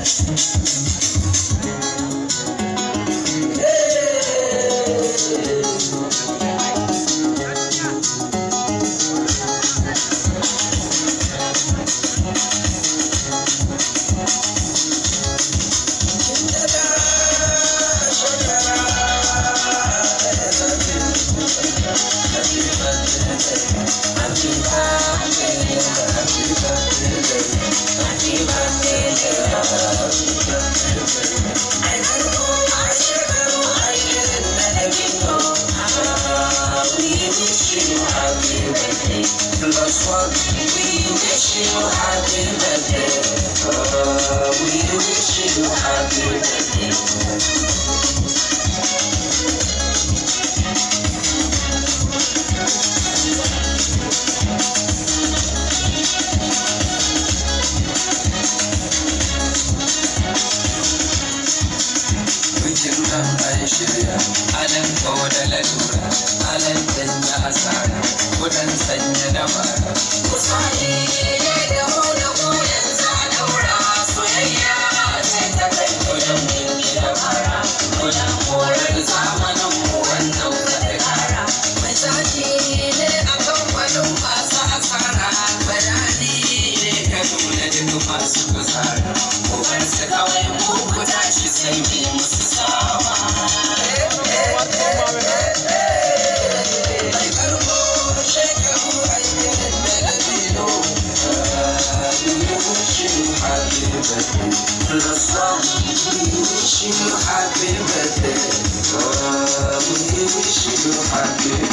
Hey! wish you happy birthday. Plus one. We wish you happy birthday. Alan anan kawo da lalura anan janya asara kudan sanya dabara kusa حبيبتك للصبر مش محببتك حبيبتي،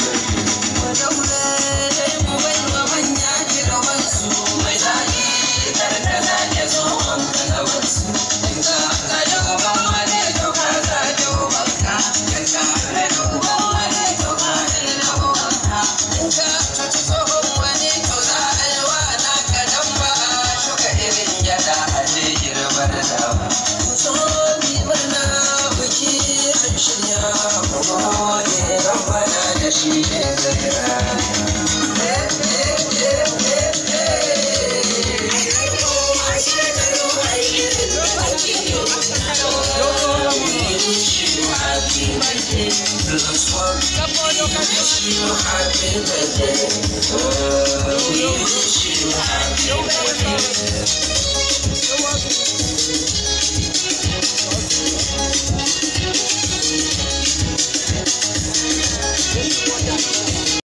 you happy birthday. Oh, we wish you happy birthday.